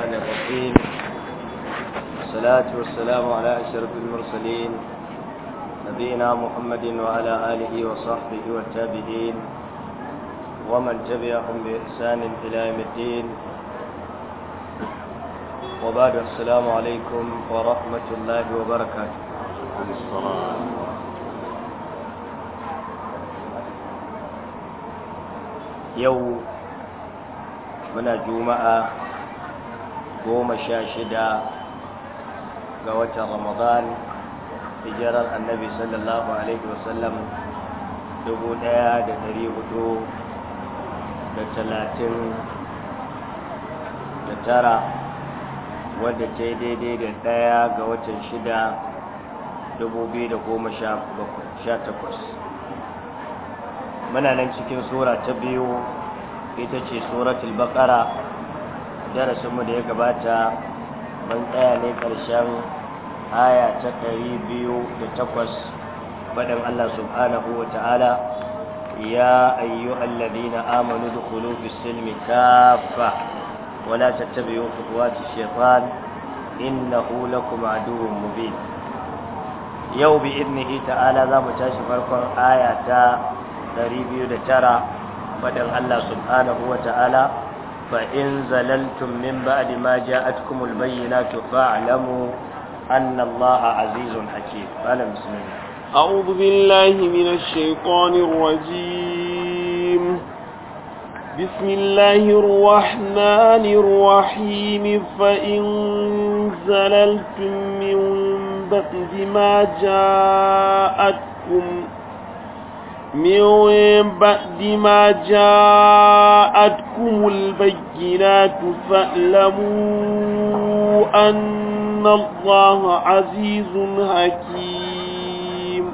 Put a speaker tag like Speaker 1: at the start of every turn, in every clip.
Speaker 1: الرحمن الرحيم والصلاة والسلام على أشرف المرسلين نبينا محمد وعلى آله وصحبه والتابعين ومن تبعهم بإحسان إلى يوم الدين وبعد السلام عليكم ورحمة الله وبركاته يوم من juma'a goma sha shida ga watan ramadan hijirar annabi sallallahu alaihi wasallam dubu ɗaya da dari hudu da talatin da tara wadda ta yi daidai da ɗaya ga watan shida dubu biyu da goma sha takwas muna nan cikin tsora ta biyu ita ce suratul baqara darasinmu da ya gabata ban tsaya ne ƙarshen aya ta ɗari biyu da takwas faɗin Allah subhanahu wa ta'ala ya ayyu alladina amanu da fi silmi kafa wala tattabi'u khutuwati shaytan innahu lakum aduwwun mubin yau bi idnihi ta'ala za mu tashi farkon aya ta tara faɗin Allah subhanahu wa ta'ala فإن زللتم من بعد ما جاءتكم البينات فاعلموا أن الله عزيز حكيم قال بسم الله
Speaker 2: أعوذ بالله من الشيطان الرجيم بسم الله الرحمن الرحيم فإن زللتم من بعد ما جاءتكم من بعد ما جاءتكم البينات فاعلموا أن الله عزيز حكيم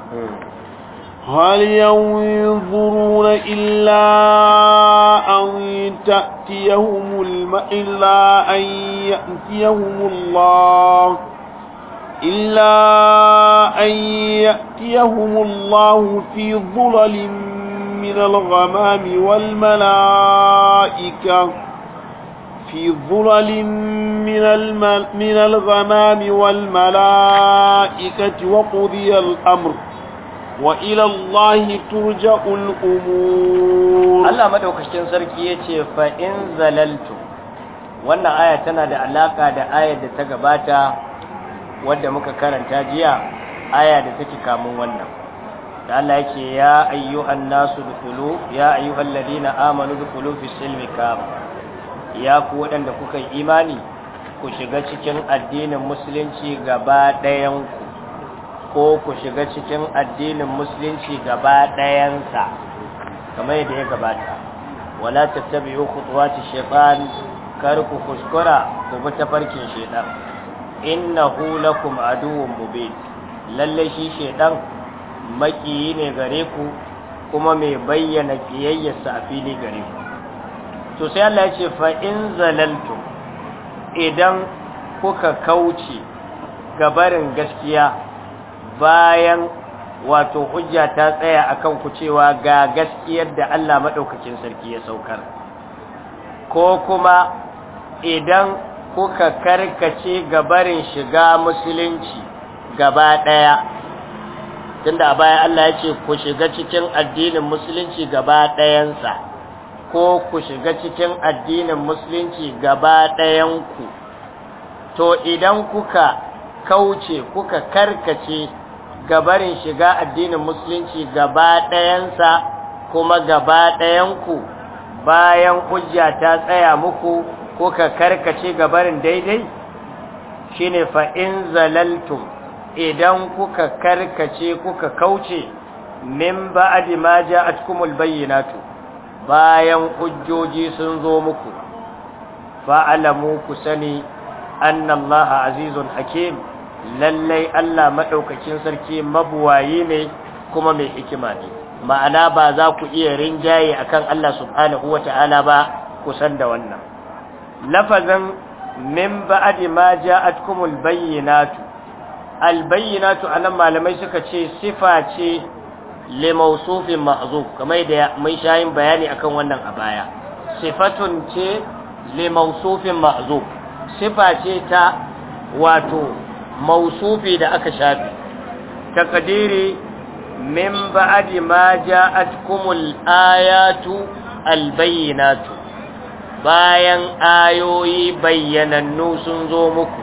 Speaker 2: هل ينظرون إلا أن تأتيهم الم... إلا أن يأتيهم الله إلا أن يأتيهم الله في ظلل من الغمام والملائكة في ظلل من, المل من الغمام والملائكة
Speaker 1: وقضي الأمر وإلى الله ترجع الأمور الله مدوكشتين سركية فإن زللتم wannan aya tana da alaka da wadda muka karanta jiya aya da take kamun wannan da Allah yake ya ayyuhan nasu dukulu ya ayyuhan ladina amanu dukulu fi silmi kam ya ku waɗanda kuka yi imani ku shiga cikin addinin musulunci gaba ɗayan ku ko ku shiga cikin addinin musulunci gaba sa kamar yadda ya gabata wala tattabi'u khutuwati shaytan kar ku kuskura ku bi tafarkin shaytan innahu lakum aduwwun mubin lalle shi shedan makiyi ne gare ku kuma mai bayyana kiyayyarsa a fili gare ku to sai Allah ya ce fa in zalaltu idan kuka kauce gabarin gaskiya bayan wato hujja ta tsaya akan ku cewa ga gaskiyar da Allah madaukakin sarki ya saukar ko kuma idan kuka karkace gabarin shiga musulunci gaba ɗaya tunda a baya Allah ya ce ku shiga cikin addinin musulunci gaba ɗayansa ko ku shiga cikin addinin musulunci gaba ɗayanku to idan kuka kauce kuka karkace gabarin shiga addinin musulunci gaba ɗayansa kuma gaba ɗayanku bayan hujja ta tsaya muku ko ka karkace gabarin daidai shine fa in zalaltum idan kuka karkace kuka kauce min ba'di ma ja'atkumul bayyinatu bayan hujjoji sun zo muku fa'alamu kusani, sani annallaha azizun hakim lallai Allah madaukakin sarki mabuwayi ne kuma mai hikima ne ma'ana ba za ku iya rinjaye akan Allah subhanahu Ta'ala ba kusan da wannan lafazin min ba'di ma ja'atkumul bayyinatu albayyinatu anan malamai suka ce sifa ce li mawsufin ma'zuf kamar da mai shayin bayani akan wannan a baya sifatun ce li mawsufin ma'zuf sifa ce ta wato mausufi da aka shafi takadiri min ba'di ma ja'atkumul ayatu albayyinatu bayan ayoyi bayyanannu sun zo muku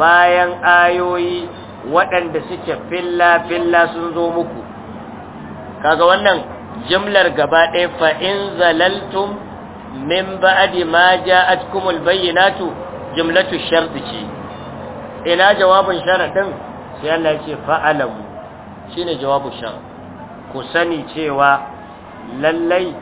Speaker 1: bayan ayoyi waɗanda suke filla-filla sun zo muku kaga wannan jimlar gaba ɗaya fa'in zalaltum min ba'adi ma ja'atkumul bayyanatu jimlatu sharti ce ina jawabin sharaɗin sai Allah ce fa'alamu shi ne jawabin sharaɗin ku sani cewa lallai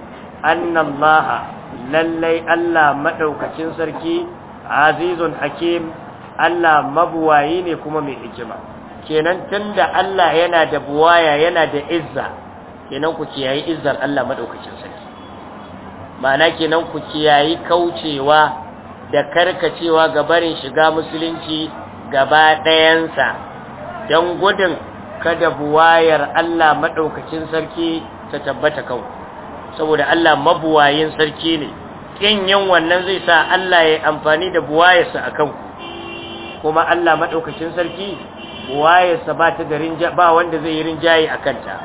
Speaker 1: annallaha lallai Allah maɗaukacin sarki azizun hakim Allah mabuwayi ne kuma mai hikima kenan tunda Allah yana da buwaya yana da izza kenan ku kiyayi izzar Allah maɗaukacin sarki ma'ana kenan ku kiyayi kaucewa da karkacewa ga barin shiga musulunci gaba ɗayansa don gudun kada buwayar Allah maɗaukacin sarki ta tabbata kanku saboda Allah mabuwayin sarki ne kin yin wannan zai sa Allah ya amfani da buwayarsa a kanku? kuma Allah maɗaukacin sarki buwayarsa ba ta garin ba wanda zai yi rinjaye a kanta.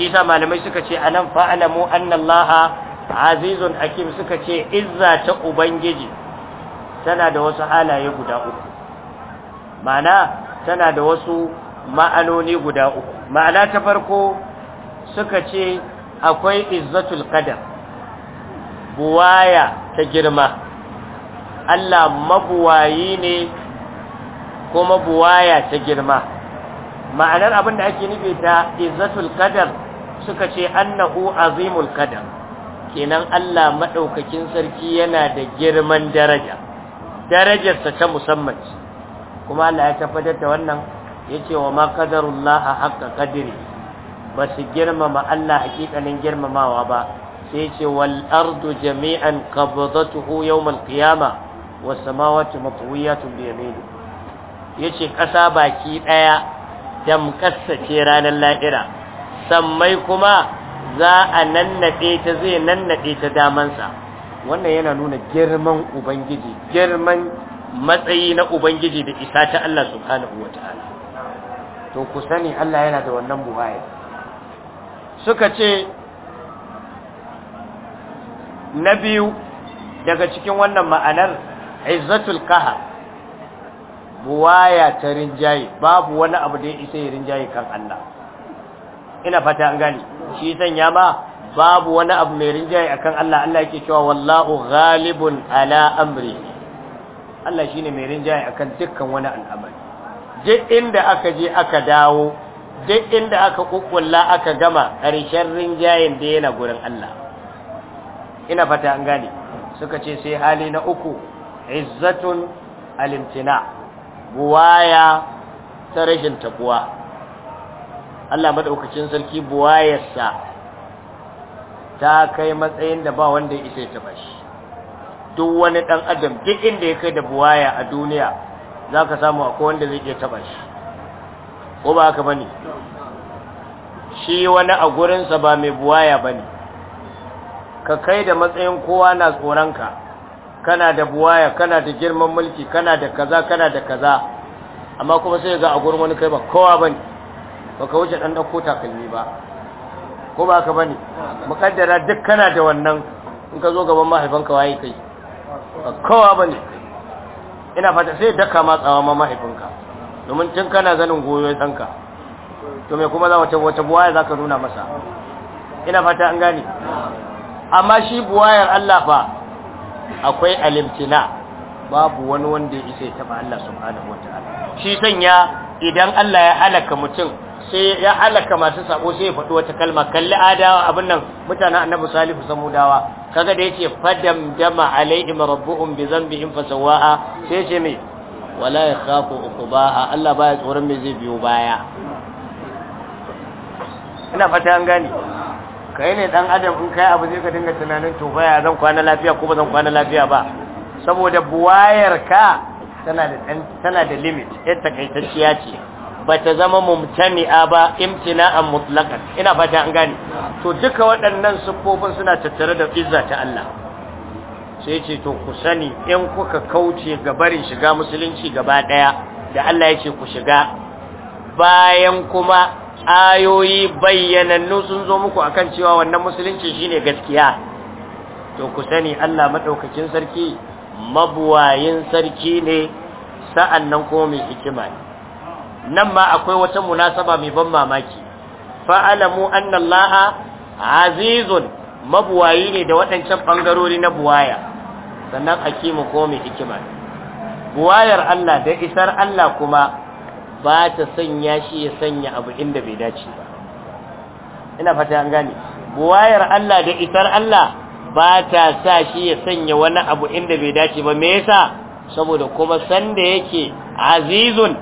Speaker 1: shi sa malamai suka ce a nan fa'alamu annallaha azizun akim suka ce izza ta ubangiji tana da wasu halaye guda uku ma'ana tana da wasu ma'anoni guda uku ma'ana ta farko suka ce akwai izzatul qadar buwaya ta girma Allah mabuwayi ne kuma buwaya ta girma ma'anar abin da ake nufi ta izzatul qadar suka ce annahu azimul qadar kenan Allah madaukakin sarki yana da girman daraja darajarsa ta musamman kuma Allah ya tabbatar da wannan yace wa ma qadarullah haqqa qadri ba su girmama Allah hakikanin girmamawa ba sai ce wal jami'an qabdatuhu yawmal qiyama was samawati matwiyatun bi yamini yace ƙasa baki ɗaya damkassa ce ranar lahira sammai kuma za a nannade ta zai nannaɗe ta damansa wannan yana nuna girman ubangiji girman matsayi na ubangiji da isa ta Allah subhanahu wataala to ku sani Allah yana da wannan buhaya suka ce na biyu daga cikin wannan ma'anar izzatul kahar buwaya ta rinjaye babu wani abu da ya isa yi rinjaye kan Allah ina fata an gani shi sanya ma babu wani abu mai rinjaye akan Allah Allah yake cewa wallahu ghalibun ala amri Allah shine mai rinjaye akan dukkan wani al'amari je inda aka je aka dawo duk inda aka kukkulla aka gama ƙarshen rinjayen da yana gurin Allah ina fata an gane suka ce sai hali na uku izzatun alimtina buwaya ta rashin tabuwa Allah maɗaukacin sarki buwayarsa ta kai matsayin da ba wanda ya taɓa shi. duk wani ɗan adam duk inda ya kai da buwaya a duniya za ka samu akwai wanda zai iya taba shi ko ba haka bane shi wani a gurinsa ba mai buwaya bane ka kai da matsayin kowa na tsoronka kana da buwaya kana da girman mulki kana da kaza kana da kaza amma kuma sai ga a gurin wani kai ba kowa bane baka wuce dan dauko takalmi ba ko ba haka bane mukaddara duk kana da wannan in ka zo gaban mahaifanka waye kai ba kowa bane ina fata sai daka matsawa ma mahaifinka domin tun kana ganin goyo ɗanka to me kuma za wata wata buwaya za ka nuna masa ina fata an gane amma shi buwayar Allah fa akwai alimtina babu wani wanda ya isa ya taba Allah subhanahu wataala shi sanya idan Allah ya halaka mutum sai ya halaka masu sabo sai ya faɗi wata kalma kalli adawa abin nan mutanen annabi salihu samudawa kaga da yake fadam dama alaihim rabbuhum bi dhanbihim fasawaha sai ce me wala ya kafa a Allah baya tsoron mai zai biyo baya ina fata an gane kai ne dan adam in kai abu zai ka dinga tunanin to baya zan kwana lafiya ko ba zan kwana lafiya ba saboda buwayar ka tana da tana da limit ɗan takaitacciya ce bata zama mumtani'a ba imtina'an mutlaqan ina fata an gane to duka waɗannan siffofin suna tattare da izza ta Allah sai ce to ku sani in kuka kauce ga barin shiga musulunci gaba daya da Allah yake ku shiga bayan kuma ayoyi bayyanannu sun zo muku akan cewa wannan musulunci shine gaskiya to ku sani Allah madaukakin sarki mabuwayin sarki ne sa'annan kuma mai hikima ne nan ma akwai wata munasaba mai ban mamaki fa'alamu annallaha azizun mabuwayi ne da waɗancan bangarori na buwaya sannan hakimu ko mai hikima buwayar Allah da isar Allah kuma ba ta sanya shi ya sanya abu inda bai dace ba ina fata an gane buwayar Allah da isar Allah ba ta sa shi ya sanya wani abu inda bai dace ba me yasa saboda kuma sanda yake azizun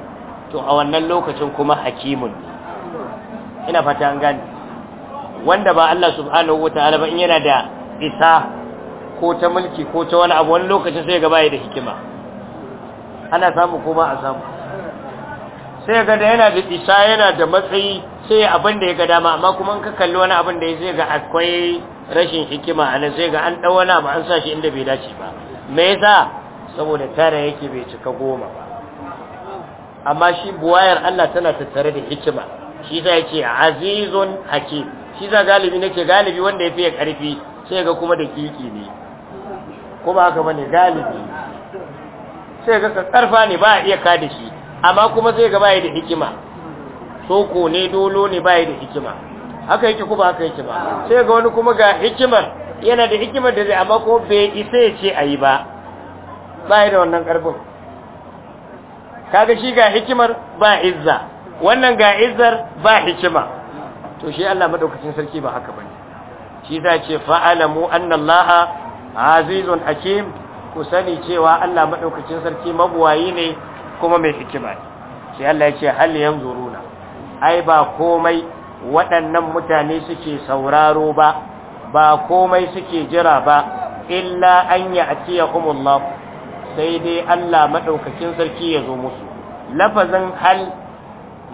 Speaker 1: to a wannan lokacin kuma hakimun ina fata an gane wanda ba Allah subhanahu wataala ba in yana da isa ko ta mulki ko ta wani abu wani lokacin sai ga baya da hikima ana samu ko ba a samu sai ga da yana da isa yana da matsayi sai abin da ya ga dama amma kuma in ka kalli wani abin da ya sai ga akwai rashin hikima ana sai ga an dau wani abu an sa shi inda bai dace ba me yasa saboda tara yake bai cika goma ba amma shi buwayar Allah tana tattare da hikima shi sai yace azizun hakim shi za galibi nake galibi wanda yafi ya karfi sai ga kuma da kiki ne ko ba haka bane galibi sai ga karfa ne ba iya ka da shi amma kuma sai ga bai da hikima soko ne dolo ne bai da hikima haka yake ko ba haka yake ba sai ga wani kuma ga hikimar yana da hikimar da zai amma ko bai isa ya ce ayi ba bai da wannan karfin kaga shi ga hikimar ba izza wannan ga izzar ba hikima to shi Allah madaukakin sarki ba haka bane shi za ce fa'alamu annallaha azizun hakim ku sani cewa Allah madaukakin sarki mabuwayi ne kuma mai hikima ne sai Allah yake hal yanzuruna ai ba komai waɗannan mutane suke sauraro ba ba komai suke jira ba illa an ya'tiyahumullah sai dai Allah madaukakin sarki ya zo musu lafazin hal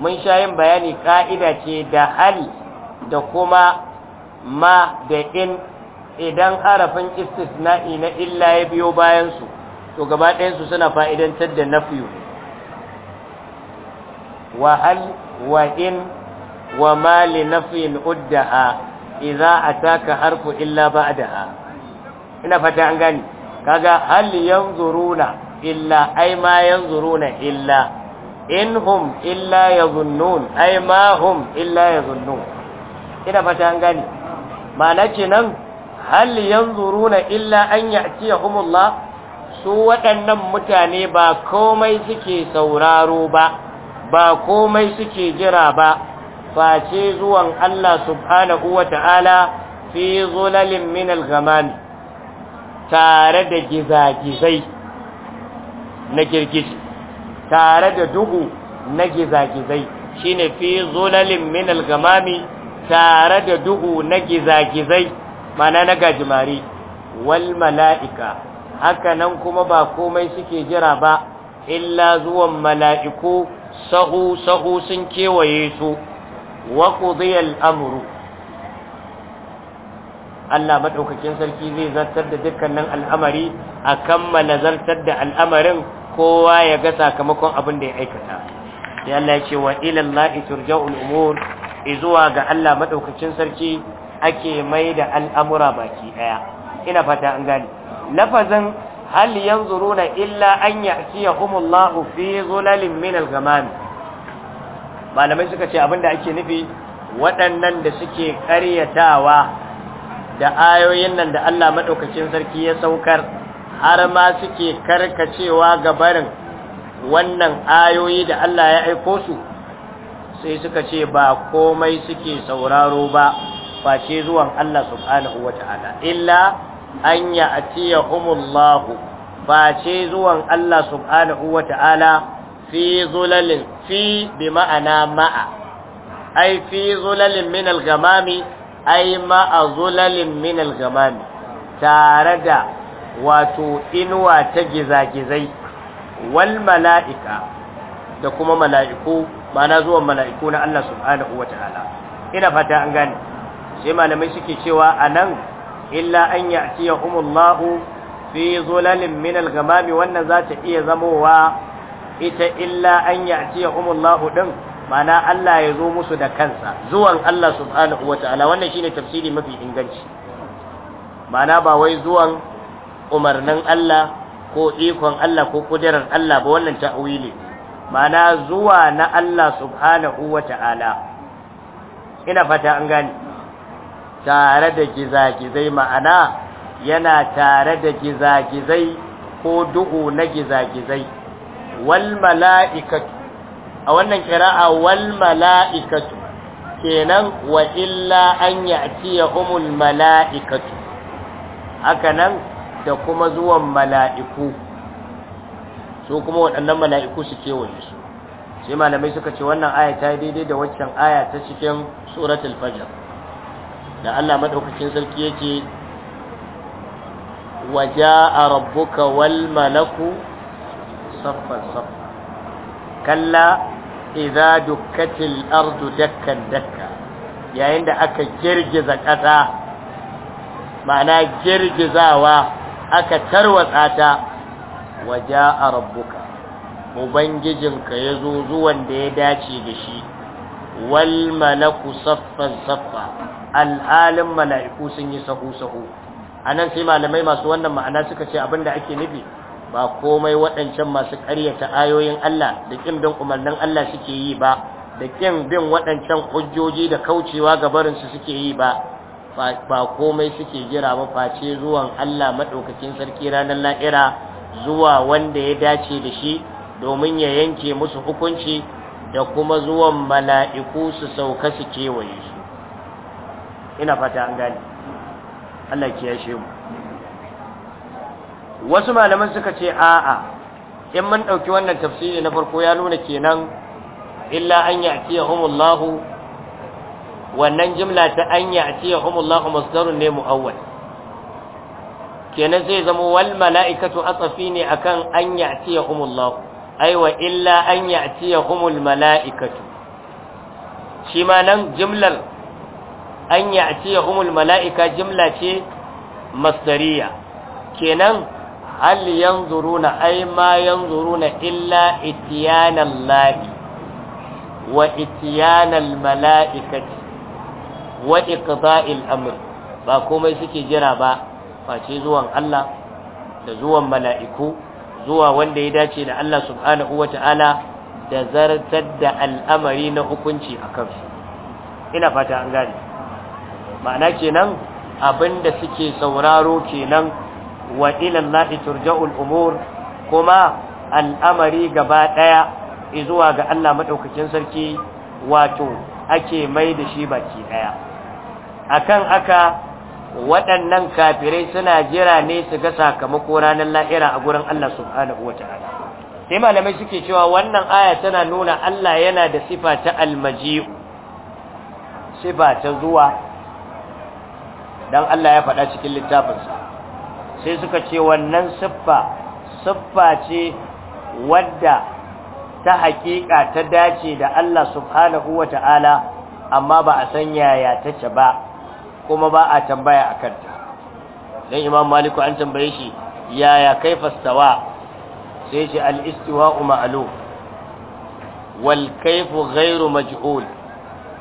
Speaker 1: mun sha yin bayani ka'ida ce da hal da kuma ma da in idan harafin istisna'i na illa ya biyo bayansu to gaba ɗayansu suna fa'idantar da nafiyu wa hal wa in wa ma li nafiyin uddaha idza ataka harfu illa ba'daha ina fata an gani kaga hal yanzuruna illa ay ma yanzuruna illa in hum illa yazunnun ay ma hum illa zunnun. ina fata an gani ma'ana kenan yanzu yanzuruna illa an ya'tiyahumullah su waɗannan mutane ba komai suke sauraro ba ba komai suke jira ba face zuwan Allah subhanahu Ta'ala fi zulalin min al-ghamam tare da gizagizai na girgiji tare da duhu na gizagizai shine fi zulalin min al-ghamami tare da duhu na gizagizai mana na gajimari wal mala'ika haka nan kuma ba komai suke jira ba illa zuwan mala'iku sahu sahu sun kewaye su wa qudiyal amru Allah madaukakin sarki zai zartar da dukkanin al'amari a kammala zartar da al'amarin kowa ya ga sakamakon abin da ya aikata sai Allah ya ce wa ila turja'ul umur izuwa ga Allah madaukakin sarki ake mai da al'amura baki ɗaya ina fata an gani lafazin hal na illa an ya'tiyahumullahu fi zulalin min ga malamai suka ce abinda ake nufi waɗannan da suke ƙaryatawa da ayoyin nan da Allah maɗaukacin sarki ya saukar har ma suke karkacewa ga barin wannan ayoyi da Allah ya aiko su sai suka ce ba komai suke sauraro ba face zuwan Allah subhanahu ta'ala illa an ya'tiyahumullahu face zuwan Allah subhanahu wata'ala fi zulalin fi bi ma'ana ma'a ai fi zulalin minal gamami, ai ma'a zulalin minal gamami. tare da wato inuwa ta gizagizai wal mala'ika da kuma mala'iku ma'ana zuwan mala'iku na Allah subhanahu ta'ala. ina fata an gane sai malamai suke cewa anan illa an ya'tiyahumullahu fi zulalin min al-ghamami wannan za ta iya zamowa ita illa an ya'tiyahumullahu din mana Allah ya zo musu da kansa zuwan Allah subhanahu wataala wannan shine tafsiri mafi inganci mana ba wai zuwan umarnin Allah ko ikon Allah ko kudirar Allah ba wannan ta'wili mana zuwa na Allah subhanahu wataala ina fata an gane tare da gizagizai ma'ana yana tare da gizagizai ko duhu na gizagizai wal mala'ikatu a wannan kira'a wal mala'ikatu kenan wa illa an ya'tiyahumul mala'ikatu hakanan da kuma zuwan mala'iku su kuma waɗannan mala'iku su kewaye su sai malamai suka ce wannan aya ta daidai da waccan aya ta cikin suratul fajr da Allah maɗaukacin sarki yake waja'a rabbuka wal malaku saffan saffa kalla idza dukkatil ardu dakkan dakka yayin da aka girgiza ƙasa ma'ana girgizawa aka tarwatsa ta waja'a rabbuka ubangijinka yazo zuwan da ya dace da shi wal malaku saffan saffa alhalin mala'iku sun yi sahu sahu anan sai malamai masu wannan ma'ana suka ce abinda ake nufi ba komai waɗancan masu ƙaryata ayoyin Allah da kin bin umarnin Allah suke yi ba da kin bin waɗancan hujjoji da kaucewa ga su suke yi ba ba komai suke jira ba face zuwan Allah madaukakin sarki ranar la'ira zuwa wanda ya dace da shi domin ya yanke musu hukunci da kuma zuwan mala'iku su sauka su kewaye su. ina fata an gani, Allah ya yashe mu wasu malaman suka ce a'a in mun ɗauki wannan tafsiri na farko ya nuna kenan illa an ya'tiyahumullahu wannan jimla ta an masu masdarun ne mu'awwal kenan zai zama wal mala'ikatu atsafi ne akan an ya'tiyahumullahu aiwa illa an ya humul mala'ikatu shi ma nan jimlar an ya humul mala'ika jimla ce masdariya kenan hal zuruna. Ai ma yan zuruna illa itiyanallahi wa itiyanal mala'ikati wa iqda'il amr ba komai suke jira ba face zuwan Allah da zuwan mala'iku zuwa wanda ya dace da Allah subhanahu Ta'ala da zartar da al'amari na hukunci a kansu ina fata an gane ma'ana kenan abinda suke sauraro kenan wa ila Allah turja'ul umur kuma al'amari gaba daya zuwa ga Allah maɗaukacin sarki wato ake mai da shi baki a akan aka waɗannan kafirai suna jira ne su ga sakamako ranar lahira a gurin Allah subhanahu ta'ala. sai malamai suke cewa wannan aya tana nuna Allah yana da sifa ta almajiyu, sifa ta zuwa dan Allah ya faɗa cikin littafinsa sai suka ce wannan siffa siffa ce wadda ta haƙiƙa ta dace da Allah subhanahu ta'ala, amma ba a san yaya tace ba kuma ba a tambaya a kanta dan imam maliku an tambaye shi yaya kai stawa sai shi al-istiwa'u ma'lum wal kayfu ghairu maj'ul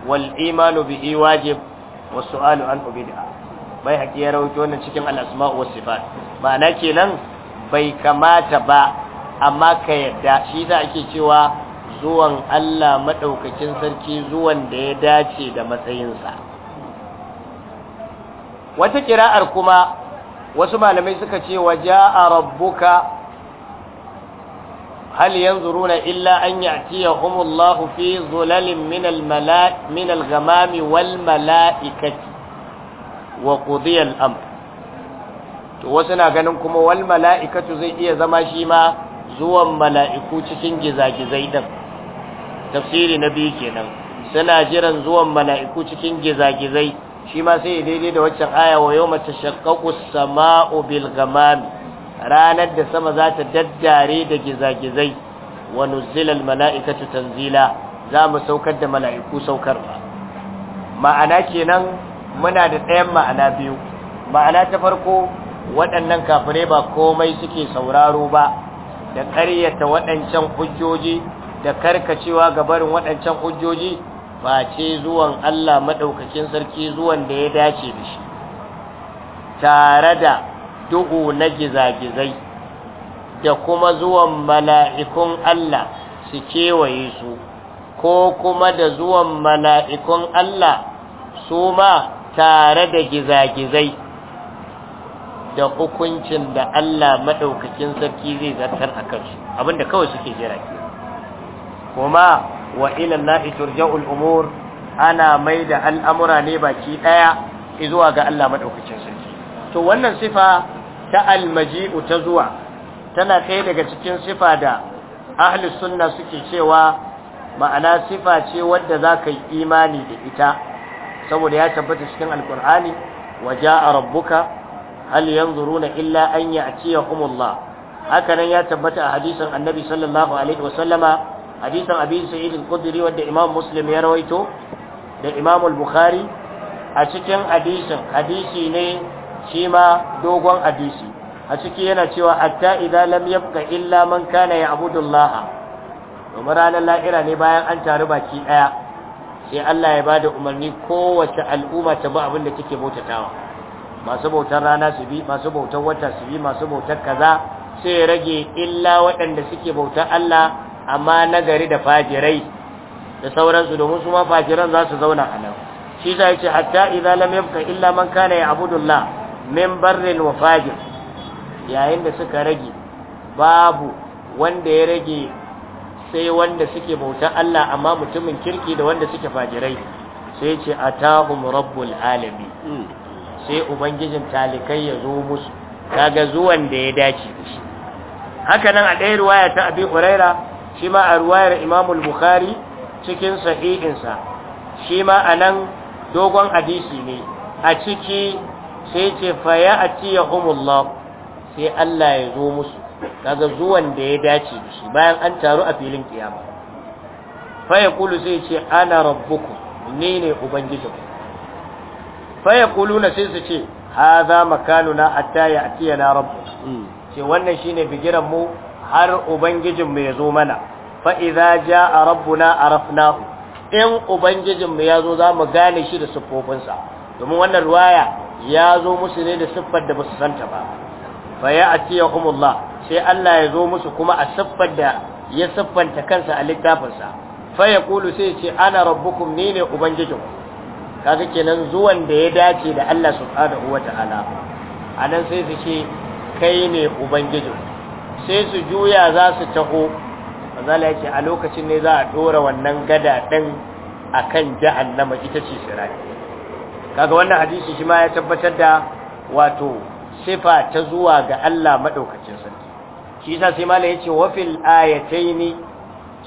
Speaker 1: wal imanu bihi wajib was su'alu an bid'a bai haƙi ya rawaito wannan cikin alasma'u asma sifat ma'ana kenan bai kamata ba amma ka yadda shi za ake cewa zuwan Allah maɗaukacin sarki zuwan da ya dace da matsayinsa wata kira'ar kuma wasu malamai suka ce wa ja'a rabbuka hal yanzuruna illa an ya'tiyahumullahu fi zulalin minal mala'i minal ghamami wal mala'ikati wa qudiya al-amr to wasu na ganin kuma wal mala'ikatu zai iya zama shi ma zuwan mala'iku cikin gizagizai din tafsiri na biyu kenan suna jiran zuwan mala'iku cikin gizagizai shi ma sai ya daidai da waccan aya wa yau mace shakkaku sama'u bil gamami ranar da sama za ta daddare da gizagizai wa nuzilal mala'ikatu tanzila za mu saukar da mala'iku saukarwa ma'ana kenan muna da ɗayan ma'ana biyu ma'ana ta farko waɗannan kafirai ba komai suke sauraro ba da ƙaryata waɗancan hujjoji da karkacewa ga barin waɗancan hujjoji face zuwan Allah maɗaukakin sarki zuwan da ya dace da shi tare da duhu na gizagizai da kuma zuwan mala'ikun Allah su kewaye su ko kuma da zuwan mala'ikun Allah su ma tare da gizagizai da hukuncin da Allah maɗaukakin sarki zai zartar a kansu abinda kawai suke jira kuma wa ila turja'ul umur ana mai da al'amura ne baki daya zuwa ga Allah madaukakin sarki to wannan sifa ta almaji'u ta zuwa tana kai daga cikin sifa da ahlus sunna suke cewa ma'ana sifa ce wadda zaka yi imani da ita saboda ya tabbata cikin alqur'ani waja'a rabbuka hal yanzuruna illa an ya'tiyahumullah haka hakanan ya tabbata a hadisin annabi sallallahu alaihi wasallama hadisin abi sa'id al-khudri wanda imam muslim ya rawaito da imam al-bukhari a cikin hadisin hadisi ne shi ma dogon hadisi a ciki yana cewa hatta idan lam yabqa illa man kana ya'budullah domin ranar la'ira ne bayan an taru baki daya sai Allah ya bada umarni kowace al'umma ta ba abin da take bautatawa masu bautar rana su bi masu bautar wata su bi masu bautar kaza sai ya rage illa waɗanda suke bautar Allah amma nagari da fajirai da sauransu domin su ma fajiran za su zauna a nan shi za ce hatta idza lam yabqa illa man kana ya'budullah min barrin wa fajir yayin da suka rage babu wanda ya rage sai wanda suke bauta Allah amma mutumin kirki da wanda suke fajirai sai ce atahum rabbul alamin hmm. sai ubangijin talikai ya zo musu kaga zuwan da ya dace da shi haka nan a ɗaya ruwaya ta abi huraira shi ma a ruwayar imamul bukhari cikin sahihinsa shi ma a nan dogon hadisi ne a ciki sai ce faya a ciye humullah sai Allah ya zo musu kaga zuwan da ya dace da shi bayan an taru a filin kiyama faya kulu sai ce ana rabbuku ni ne ubangijinku faya kulu na sai su ce ha za a taya a atiya na rabbu ce hmm. wannan shi ne mu har ubangijinmu ya zo mana fa'iza ja a rabbuna a rafnahu in ubangijinmu ya zo za mu gane shi da siffofinsa domin wannan ruwaya ya zo musu ne da siffar da ba su santa ba fa ya atiya humullah sai Allah ya zo musu kuma a siffar da ya siffanta kansa a littafinsa fa ya kulu sai ce ana rabbukum ni ne ubangijinku kaga kenan zuwan da ya dace da Allah subhanahu a nan sai su ce kai ne Ubangijinmu. sai su juya za su taho mazala yake a lokacin ne za a dora wannan gada ɗin a kan jahannama ita ce shirai kaga wannan hadisi shi ma ya tabbatar da wato sifa ta zuwa ga Allah maɗaukacin sarki shi sa sai malam yace wa fil ayataini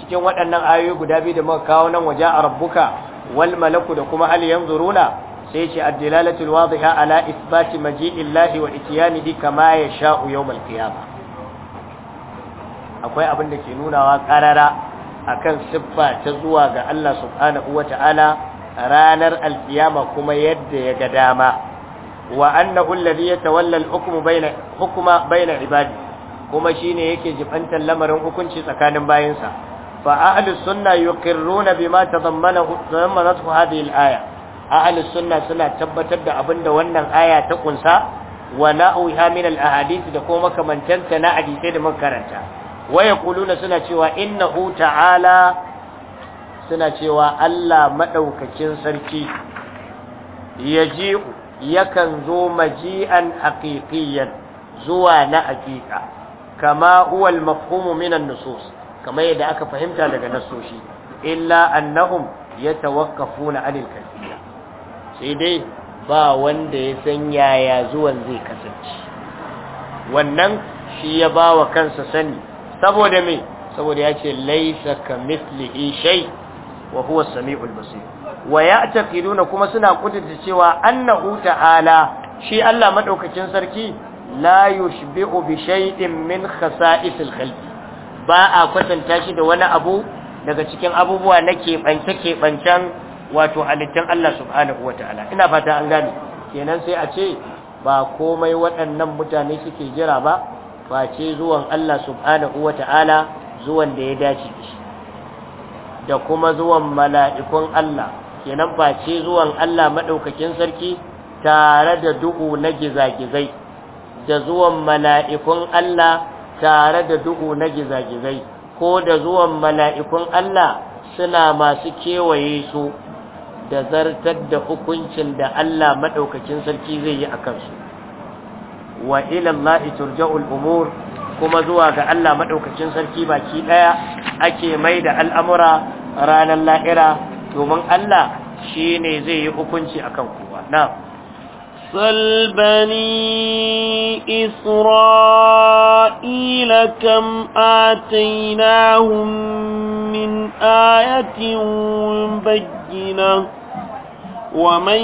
Speaker 1: cikin waɗannan ayoyi guda biyu da muka kawo nan waja rabbuka wal malaku da kuma hal yanzuruna sai yace ad-dilalatul wadhiha ala isbati maji'i wa wa bi kama yasha'u yawm al-qiyamah akwai abin da ke nunawa karara akan siffa ta zuwa ga Allah subhanahu wata'ala ranar alkiyama kuma yadda ya ga dama wa annahu alladhi yatawalla al-hukmu bayna ibadi kuma shine yake jibantar lamarin hukunci tsakanin bayansa. fa ahlus sunna yuqirruna bima tadammanahu hadhihi al-aya ahlus sunna suna tabbatar da abinda wannan aya ta kunsa wa na'uha min al-ahadith da kuma kamantanta na hadisi da makaranta waya kuluna suna cewa innahu ta'ala suna cewa Allah maɗaukacin sarki yaji yakan zo maji'an haqiqiyan zuwa na haƙiƙa, kama huwa al-mafhum min kama yadda aka fahimta daga nasoshi illa annahum tawakafu na kafiya sai dai ba wanda ya san yaya zuwan zai kasance wannan shi ya bawa kansa sani saboda me saboda ya ce laisa ka mislihi shay wa huwa samiul basir wa ya'taqiduna kuma suna kudurta cewa annahu ta'ala shi Allah madaukakin sarki la yushbi'u bi shay'in min khasa'isil khalqi ba a kwatanta shi da wani abu daga cikin abubuwa na keɓance-keɓancen wato halittan Allah subhanahu wa ta'ala ina fata an gane kenan sai a ce ba komai waɗannan mutane suke jira ba face zuwan Allah subhanahu wa ta'ala zuwan da ya dace da shi da kuma zuwan mala'ikun Allah kenan face zuwan Allah maɗaukakin sarki tare da duhu na gizagizai da zuwan mala'ikun Allah tare da duhu na gizagizai ko da zuwan mala'ikun Allah suna masu kewaye su da zartar da hukuncin da Allah maɗaukakin sarki zai yi a kansu wa ila turja'ul umur kuma zuwa ga Allah madaukakin sarki baki daya ake mai da al'amura ranar Lahira, domin Allah shine zai yi hukunci akan kowa na'am
Speaker 2: سل بني إسرائيل كم آتيناهم من آية بينة ومن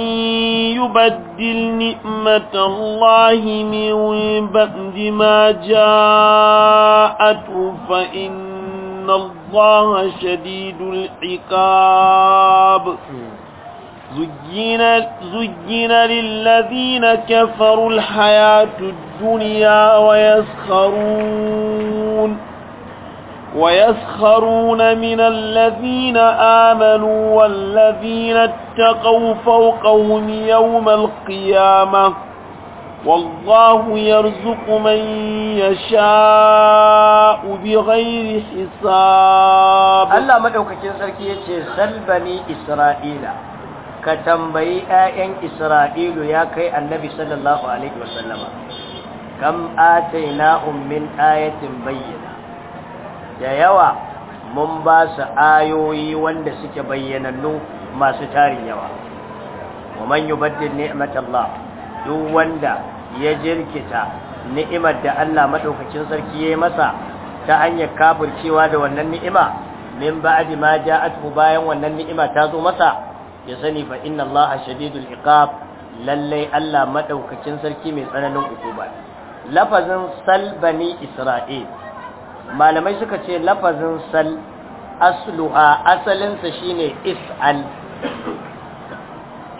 Speaker 2: يبدل نعمة الله من بعد ما جاءته فإن الله شديد العقاب زين, للذين كفروا الحياة الدنيا ويسخرون ويسخرون من الذين آمنوا والذين اتقوا فوقهم يوم القيامة والله يرزق من يشاء بغير
Speaker 1: حساب الله مدوكاكين سركي يتي سل بني إسرائيل كتنبي آيان إسرائيل يا كي النبي صلى الله عليه وسلم كم آتيناهم من آية بينة da yawa mun ba su ayoyi wanda suke bayyanannu masu tarin yawa wa man yubaddil ni'matallah duk wanda ya jirkita ni'imar da Allah maɗaukacin sarki yi masa ta hanyar kafircewa da wannan ni'ima min ba'di ma ja'atuhu bayan wannan ni'ima ta zo masa ya sani fa inna Allah shadidul iqab lallai Allah maɗaukacin sarki mai tsananin ukuba lafazin salbani Isra'il malamai suka ce lafazin sal asluha asalinsa shine is'al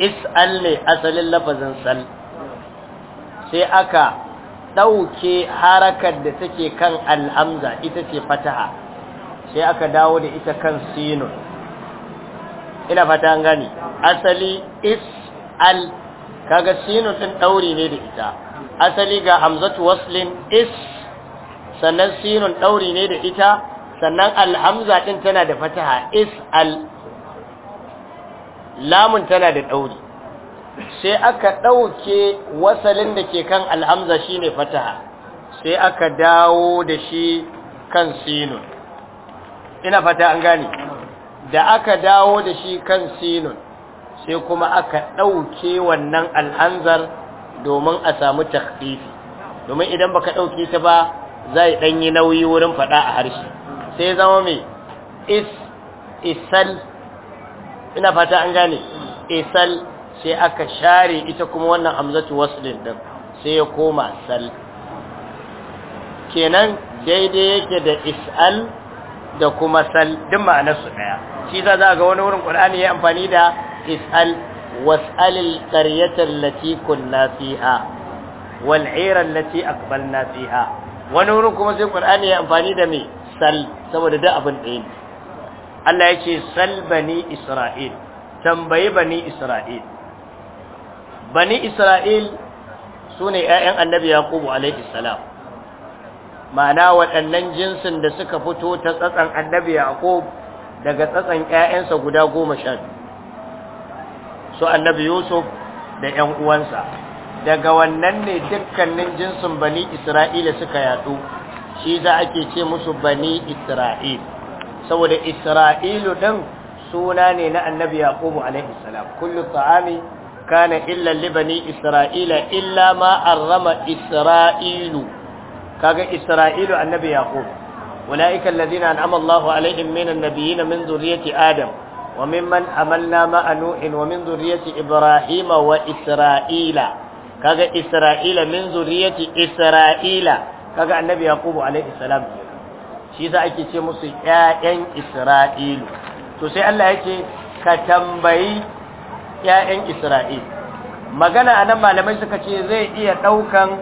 Speaker 1: is'al ne asalin lafazin sal sai aka ɗauke harakar da take kan alhamza ita ce fataha sai aka dawo da ita kan Sinu. ina fata an gani asali is'al kaga Sinu ɗin ɗauri ne da ita asali ga hamzatu waslin is sannan sinun ɗauri ne da ita sannan alhamza ɗin tana da fataha is al, lamun tana da ɗauri sai aka ɗauke wasalin da ke kan alhamza shine fataha sai aka dawo da shi kan sinun ina fata an gane da aka dawo da shi kan sinun sai kuma aka ɗauke wannan alhanzar domin a samu takfifi domin idan baka ɗauke ta ba zai dan yi nauyi wurin faɗa a harshe sai zama mai is isal ina fata an gane isal sai aka share ita kuma wannan hamzatu waslin din sai ya koma sal kenan daidai yake da isal da kuma sal ma'anar su daya shi za za ga wani wurin Qur'ani ya amfani da is'al was'alil qaryata allati kunna fiha wal 'ira allati aqbalna fiha wani wurin kuma sai qur'ani ya amfani da mai sal saboda da abin ɗaya ne Allah ce sal bani isra'il tambayi bani isra'il bani isra'il sune ƴaƴan annabi yaqubu alaihi salam ma'ana waɗannan jinsin da suka fito ta tsatsan annabi yaqub daga tsatsan ƴaƴansa guda biyu, su annabi yusuf da ƴan uwansa daga wannan ne dukkanin jinsin bani isra'ila suka yadu shi za ake ce musu bani isra'il saboda isra'ilu din suna ne na annabi yaqubu alaihi salam kullu ta'ami kana illa li bani isra'ila illa ma arrama isra'ilu kaga isra'ilu annabi yaqub ulaika alladhina an'ama Allahu alaihim minan nabiyyin min zurriyyati adam وممن حملنا wa min ومن ذرية wa Isra'ila. kaga isra'ila min zuriyati isra'ila kaga annabi yaqubu alaihi salam shi yasa ake ce musu ƴaƴan isra'ilu to sai Allah yake ka tambayi ƴaƴan isra'il magana anan malamai suka ce zai iya daukan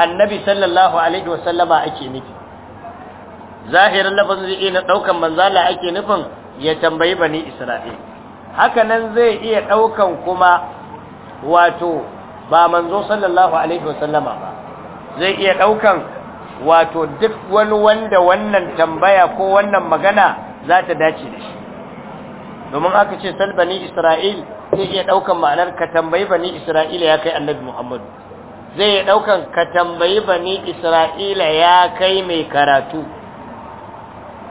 Speaker 1: annabi sallallahu alaihi wasallama ake nufi zahirin lafazin zai iya daukan manzala ake nufin ya tambayi bani isra'il haka nan zai iya daukan kuma wato ba manzo sallallahu alaihi wasallama ba zai iya daukan wato duk wani wanda wannan tambaya ko wannan magana za ta dace da shi domin aka ce sal bani isra'il zai iya daukan ma'anar ka tambayi bani isra'ila ya kai annabi muhammadu zai iya daukan ka tambayi bani isra'ila ya kai mai karatu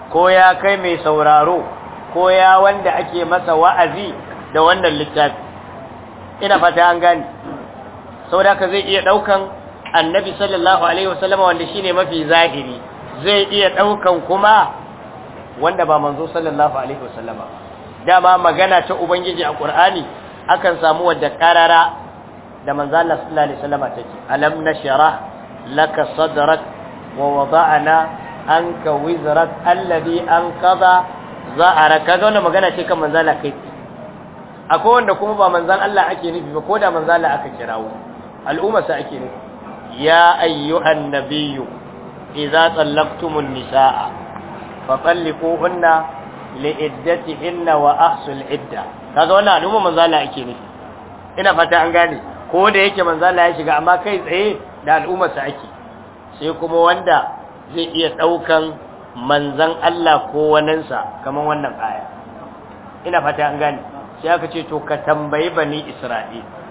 Speaker 1: ko ya kai mai sauraro ko ya wanda ake masa wa'azi da wannan littafi ina fata an gani saboda haka zai iya daukan annabi sallallahu alaihi wasallam wanda shine mafi zahiri zai iya daukan kuma wanda ba manzo sallallahu alaihi wasallam dama magana ta ubangiji a qur'ani akan samu wadda karara da manzo Allah sallallahu alaihi wasallam take alam nashrah laka sadrak wa wada'na anka wizrak alladhi anqadha za'ara kaga wannan magana ce kan manzo Allah kai akwai wanda kuma ba manzan Allah ake nufi ba ko da manzan Allah aka kirawo Al'umma al'ummarsa ake nufi ya ayyuhan nabiyyu idza tsallaktumun nisaa fa tsallikuhunna li'iddatihinna wa ahsul idda kaga wannan al'umma manzala ake nufi ina fata an gane ko da yake manzala ya shiga amma kai tsaye da al'umma al'ummarsa ake sai kuma wanda zai iya daukan manzan Allah ko waninsa kamar wannan aya ina fata an gane sai aka ce to ka tambayi bani Isra'ila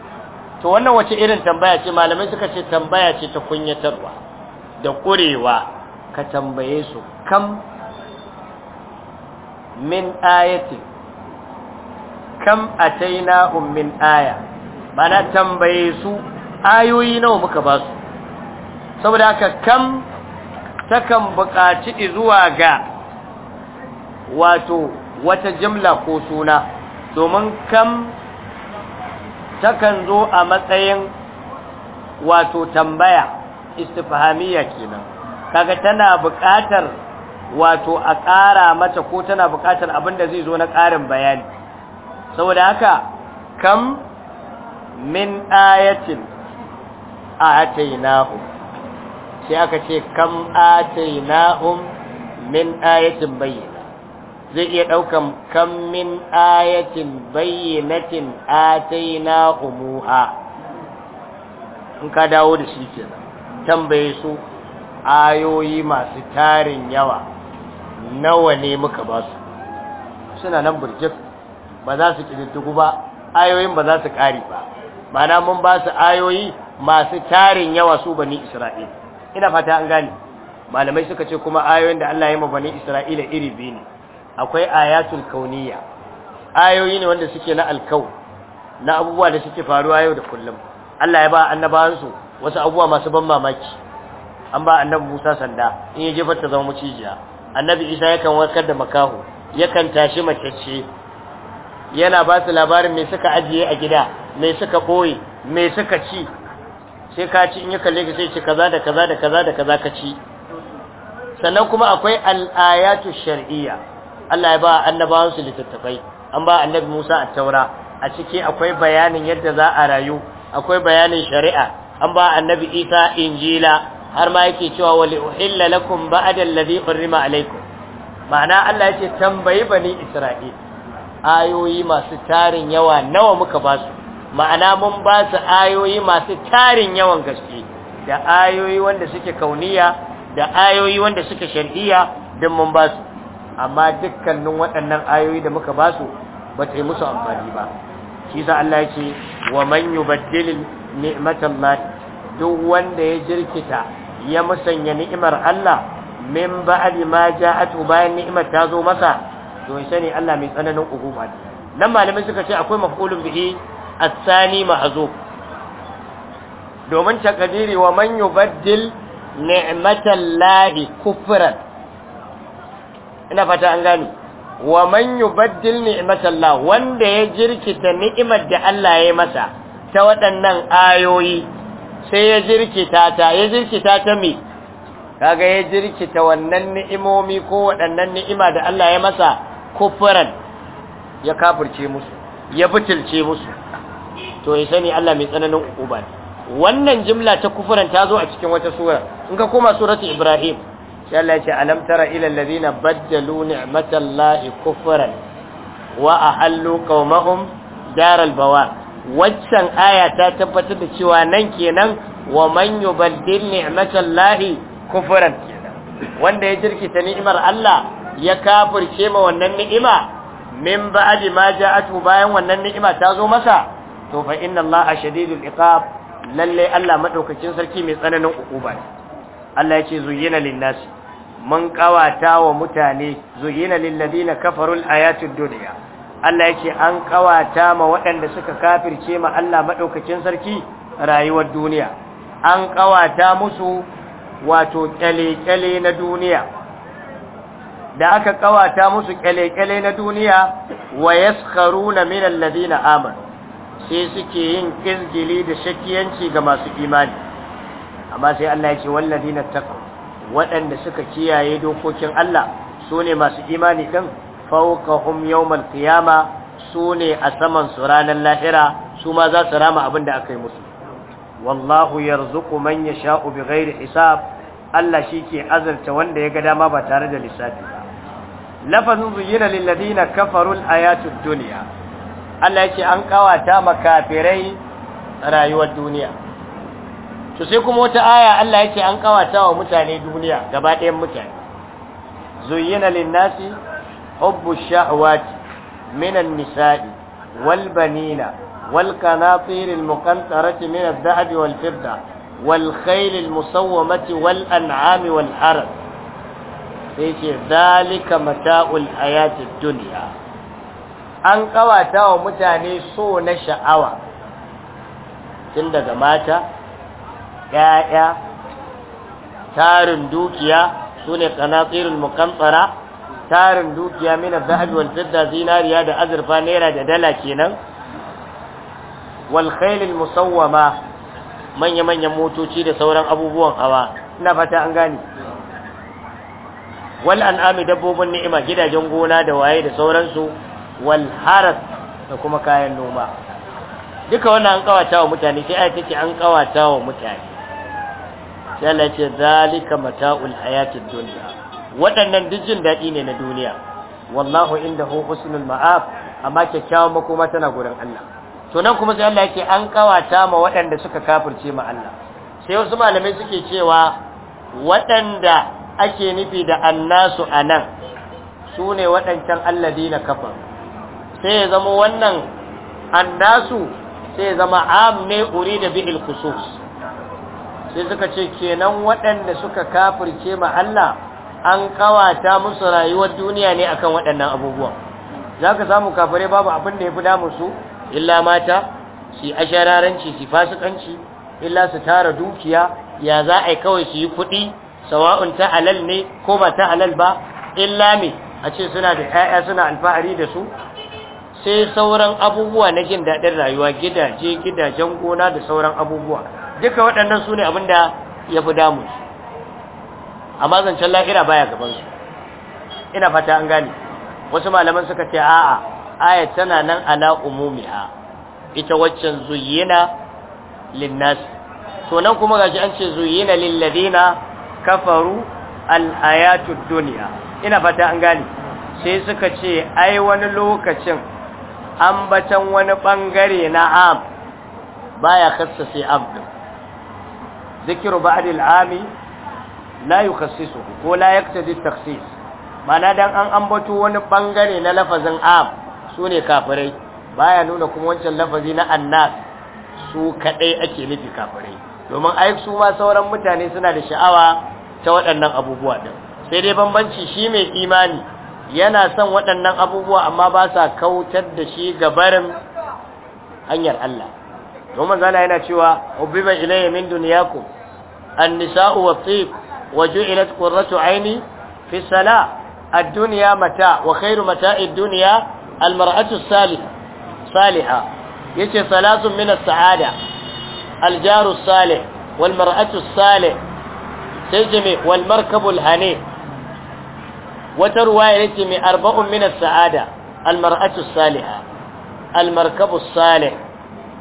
Speaker 1: to wannan wace irin tambaya ce malamai suka ce tambaya ce ta kunyatarwa da kurewa ka tambaye su kam min ayati kam ataina min aya mana tambaye su ayoyi nawa muka ba su saboda haka kam takan buƙaci zuwa ga wato wata jimla ko suna domin kam takan zo a matsayin wato tambaya istifhamiya kenan kaga tana buƙatar wato a ƙara mata ko tana buƙatar abin da zai zo na ƙarin bayani saboda haka kam min ayatin atainahu sai aka ce kam atainahum min ayatin bayyin zai iya ɗaukan kammin ayatin bayyanatin ataina umuha in ka dawo da shi ke tambaye su ayoyi masu tarin yawa nawa ne muka ba su suna nan burjif ba za su kididdigu ba ayoyin ba za su ƙari ba mana mun ba su ayoyi masu tarin yawa su bani isra'ila ina fata an gane malamai suka ce kuma ayoyin da Allah ya yi ma bani isra'ila iri biyu ne akwai ayatul kauniya ayoyi ne wanda suke na alkau na abubuwa da suke faruwa yau da kullum Allah ya ba annabawansu wasu abubuwa masu ban mamaki an ba annabi Musa sanda in ya jefar ta zama mucijiya annabi Isa yakan warkar da makaho yakan tashi macece yana ba su labarin me suka ajiye a gida me suka boye me suka ci sai ka ci in ya kalle ka sai ci kaza da kaza da kaza da kaza ka ci sannan kuma akwai al-ayatu shar'iyya Allah ya ba annabawan su littattafai an ba annabi Musa a taura a ciki akwai bayanin yadda za a rayu akwai bayanin shari'a an ba annabi Isa Injila har ma yake cewa wali uhilla lakum ba'da alladhi hurrima alaykum ma'ana Allah yake tambayi bani Isra'il ayoyi masu tarin yawa nawa muka ba su ma'ana mun ba su ayoyi masu tarin yawan gaske da ayoyi wanda suke kauniya da ayoyi wanda suke shar'iyya don mun ba su amma dukkanin waɗannan ayoyi da muka ba su ba ta yi musu amfani ba shi sa Allah ya ce wa man yubaddilin ni'matallahi duk wanda ya jirkita ya musanya ni'imar Allah min ba'di ma ja'at bayan ni'imar ta zo masa to shi ne Allah mai tsananin uguba nan malamai suka ce akwai maf'ulun bihi as-sani domin takadiri wa man yubaddil ni'matallahi kufran ina fata an gane wa man yubaddil ni'matallah wanda ya jirkita ni'imar da Allah ya masa ta waɗannan ayoyi sai ya jirkita ta ya jirkita ta me kaga ya jirkita wannan ni'imomi ko waɗannan ni'ima da Allah ya masa kufuran ya kafirce musu ya butulce musu to ya sani Allah mai tsananin uquba wannan jimla ta kufuran ta zo a cikin wata sura in ka koma suratu ibrahim Allah ya ce alam tara ila alladhina baddalu ni'matallahi kufran wa ahallu qaumahum daral bawa waccan aya ta tabbatar da cewa nan kenan wa man yubaddil ni'matallahi kufran wanda ya jirkita ni'imar Allah ya kafirce ma wannan ni'ima min ba'di ma ja'atu bayan wannan ni'ima ta zo masa to fa inna Allah shadidul iqab lalle Allah madaukakin sarki mai tsananin ukuba ne Allah ya ce zuyyina lin-nasi mun kawata wa mutane zuyina lilladina kafarul ayatud dunya Allah yake an kawata ma waɗanda suka kafirce ma Allah madaukakin sarki rayuwar duniya an kawata musu wato kyale-kyale na duniya da aka kawata musu kyale-kyale na duniya wa yaskharuna min alladhina amanu sai suke yin izgili da shakiyanci ga masu imani amma sai Allah ya ce walladhina waɗanda suka kiyaye dokokin Allah su ne masu imani ɗin fawqahum yawmal qiyama su ne a saman su ranar lahira su ma za su rama abin da aka yi musu wallahu yarzuqu man yasha'u bighairi hisab Allah shike azurta wanda ya ga dama ba tare da lissafi ba lafazun zuyina lil ladina kafaru al ayatud dunya Allah yake an kawata makafirai rayuwar duniya to sai kuma wata aya Allah ya ce an kawata wa mutane duniya gaba ɗayan mutane zuyyina linnasi hubbu shahawati minan nisa'i wal banina wal qanatir al muqantarati min al wal fidda wal khayl al musawwamati wal an'ami wal harad sai ce zalika mata'ul hayatid dunya an kawata wa mutane so na sha'awa tun daga mata ya'ya tarin dukiya sune qanatirul muqantara tarin dukiya mina adh wal fidda zinariya da azurfa naira da dala kenan wal khayl musawwama manya manyan motoci da sauran abubuwan hawa ina fata an gane wal an'ami dabbobin ni'ima gidajen gona da waye da sauransu wal haras da kuma kayan noma duka wannan an kawata wa mutane sai ayata ce an kawata wa mutane sai Allah ce zalika mata'ul hayatid dunya waɗannan dijin jin daɗi ne na duniya wallahu indahu husnul ma'ab amma kyakkyawan makoma tana gurin Allah to nan kuma sai Allah yake an kawata ma waɗanda suka kafirce ma Allah sai wasu malamai suke cewa waɗanda ake nufi da annasu anan sune waɗancan alladina kafar sai ya zama wannan annasu sai ya zama am ne da bihil khusus sai suka ce kenan waɗanda suka kafirce ma Allah an kawata musu rayuwar duniya ne akan waɗannan abubuwa. za ka samu kafare babu abin da ya fi su illa mata su ashararanci su fasikanci illa su tara dukiya ya za a yi kawai su yi kuɗi sawa'un ta halal ne ko ba ta halal ba illa me a ce suna da 'ya'ya suna alfahari da su sai sauran abubuwa na jin daɗin rayuwa gidaje gidajen gona da sauran abubuwa duka waɗannan su ne abinda ya fi damunsu, su amma zancen lahira baya gaban su ina fata an gane wasu malaman suka ce a'a ayat tana nan ala umumiha ita waccan zuyina linnas to nan kuma gashi an ce zuyina lilladina kafaru al duniya. ina fata an gane sai suka ce ai wani lokacin ambatan wani bangare na am baya sai abdu zikiru ba'd ami la ko la yaktadi takhsis mana dan an ambato wani bangare na lafazin am sune kafirai baya nuna kuma wancan lafazi na annas su kadai ake nufi kafirai domin ai su ma sauran mutane suna da sha'awa ta waɗannan abubuwa din sai dai bambanci shi mai imani yana son waɗannan abubuwa amma ba sa kautar da shi ga barin hanyar Allah don manzala yana cewa ubbiba ilayya min dunyakum an-nisa'u wat-tib wa ju'ilat qurratu 'aini fi salah ad-dunya mata wa khairu mata'i ad-dunya al-mar'atu as-salihah salihah yace salasun min as-sa'ada al-jaru as-salih wal mar'atu as-salih tajmi wal markabu al-hani wata ruwaya yace mi arba'un min as-sa'ada al-mar'atu as-salihah al-markabu as-salih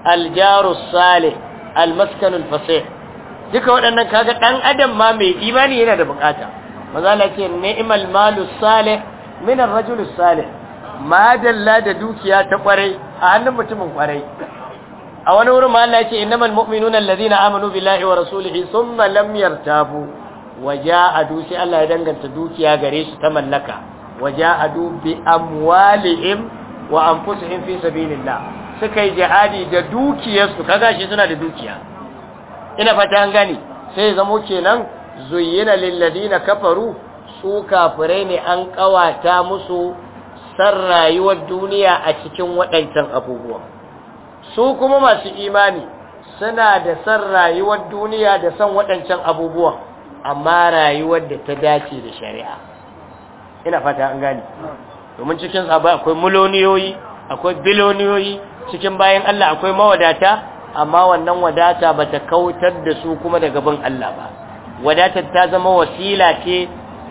Speaker 1: aljaru salih almaskanul fasih duka waɗannan kaga dan adam ma mai imani yana da bukata mazala ce ni'mal malu salih min ar-rajul salih ma dalla da dukiya ta kwarai a hannun mutumin kwarai a wani wurin ma Allah ya ce innamal mu'minuna allazina amanu billahi wa rasulihi thumma lam yartabu waja'adu sai Allah ya danganta dukiya gare su ta mallaka waja'adu bi amwalihim wa anfusihim fi sabilillah suka yi jihadi da dukiyarsu kaga shi suna da dukiya ina fata an gani sai zamo kenan zuyyina na kafaru su kafirai ne an kawata musu san rayuwar duniya a cikin waɗancan abubuwa su kuma masu imani suna da san rayuwar duniya da san waɗancan abubuwa amma rayuwar da ta dace da shari'a ina fata an gani. domin cikin akwai akwai biloniyoyi cikin bayan Allah akwai mawadata amma wannan wadata ba ta kautar da su kuma daga bin Allah ba wadatar ta zama wasila ce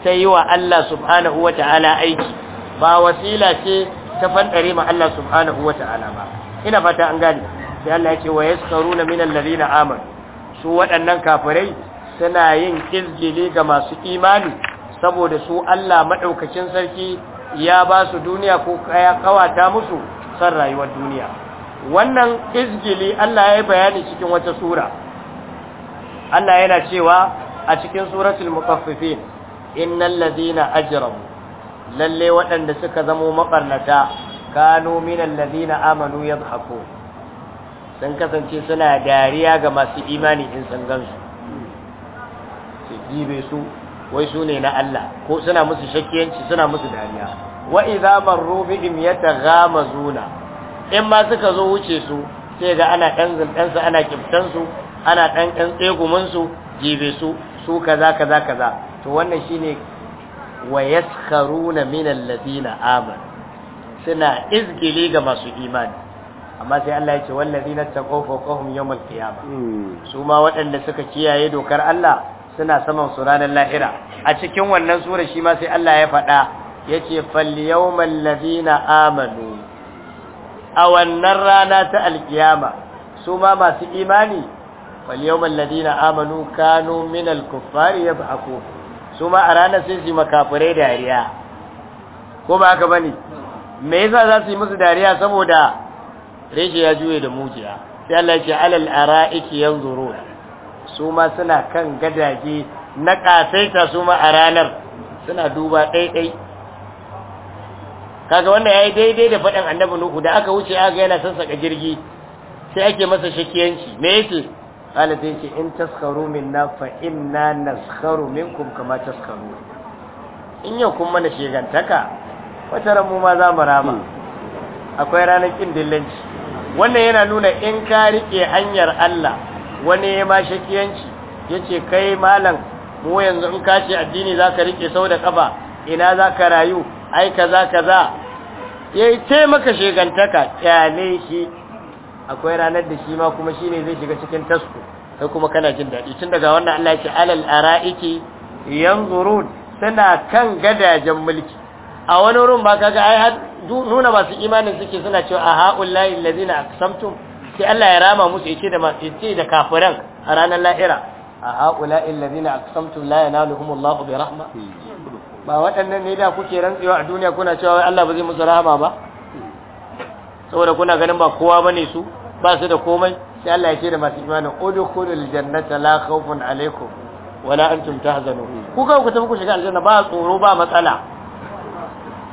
Speaker 1: ta yi wa Allah subhanahu Ta'ala aiki ba wasila ce ta fandare ma Allah subhanahu Ta'ala ba ina fata an gane sai Allah ya ce wa yaskaruna minal ladina amanu su waɗannan kafirai suna yin izgili ga masu imani saboda su Allah maɗaukacin sarki ya ba su duniya ko ya kawata musu san rayuwar duniya wannan izgili Allah ya yi bayani cikin wata sura Allah yana cewa a cikin suratul mukaffifin innal ladina ajramu lalle waɗanda suka zamo makarnata kanu minal ladina amanu yadhhaku sun kasance suna dariya ga masu imani in san gansu su jibe su wai su ne na Allah ko suna musu shakkiyanci suna musu dariya wa idza marru bihim yataghamazuna in ma suka zo wuce su sai ga ana dan zindan su ana kiftan su ana dan dan tsegumin su jibe su su kaza kaza kaza to wannan shine wa yaskharuna min alladhina amanu suna izgili ga masu imani amma sai Allah ya ce wallazina taqaw fawqahum yawm al-qiyamah hmm. su ma waɗanda suka kiyaye dokar Allah suna saman su ranar lahira a cikin wannan sura shi ma sai Allah ya faɗa yace falyawmal ladina amanu a wannan rana ta alkiyama su ma masu imani falyawmal ladina amanu kanu minal kuffari yabhaku su ma a ranar sai su makafirai dariya ko ba haka bane me yasa za su yi musu dariya saboda reshe ya juye da mujiya sai Allah ya ce alal ara'iki yanzurun su ma suna kan gadaje na kasaita su ma a ranar suna duba ɗaiɗai kaga wannan yayi daidai da fadan annabi nuhu da aka wuce aka yana saka jirgi sai ake masa shakiyanci me yake qala sai ce in taskharu minna fa inna naskharu minkum kama taskharu in yau kun mana shegantaka wata ran mu ma za mu rama akwai ranar kin dillanci wannan yana nuna in ka rike hanyar Allah wani ya ma shakiyanci yace kai malam mu yanzu in ka ce addini zaka rike sau da kafa ina zaka rayu ai kaza kaza ya yi ce maka kyale shi akwai ranar da shi ma kuma shi ne zai shiga cikin tasko sai kuma kana jin daɗi tun daga wannan Allah ce alal ara'iki yanzurun suna kan gadajen mulki a wani wurin ba kaga ai nuna masu imanin suke suna cewa a ha'ullahi allazina aqsamtum sai Allah ya rama musu yace da yace da kafiran a ranar lahira a ha'ullahi allazina aqsamtum la yanaluhumullahu bi rahma hmm. ba waɗannan ne da kuke rantsewa a duniya kuna cewa wai Allah ba zai musu rahama ba saboda kuna ganin ba kowa bane su ba su da komai sai Allah ya ce da masu imanin udkhulul jannata la khawfun alaikum wala antum tahzanun ku ka ku tafi ku shiga aljanna ba tsoro ba matsala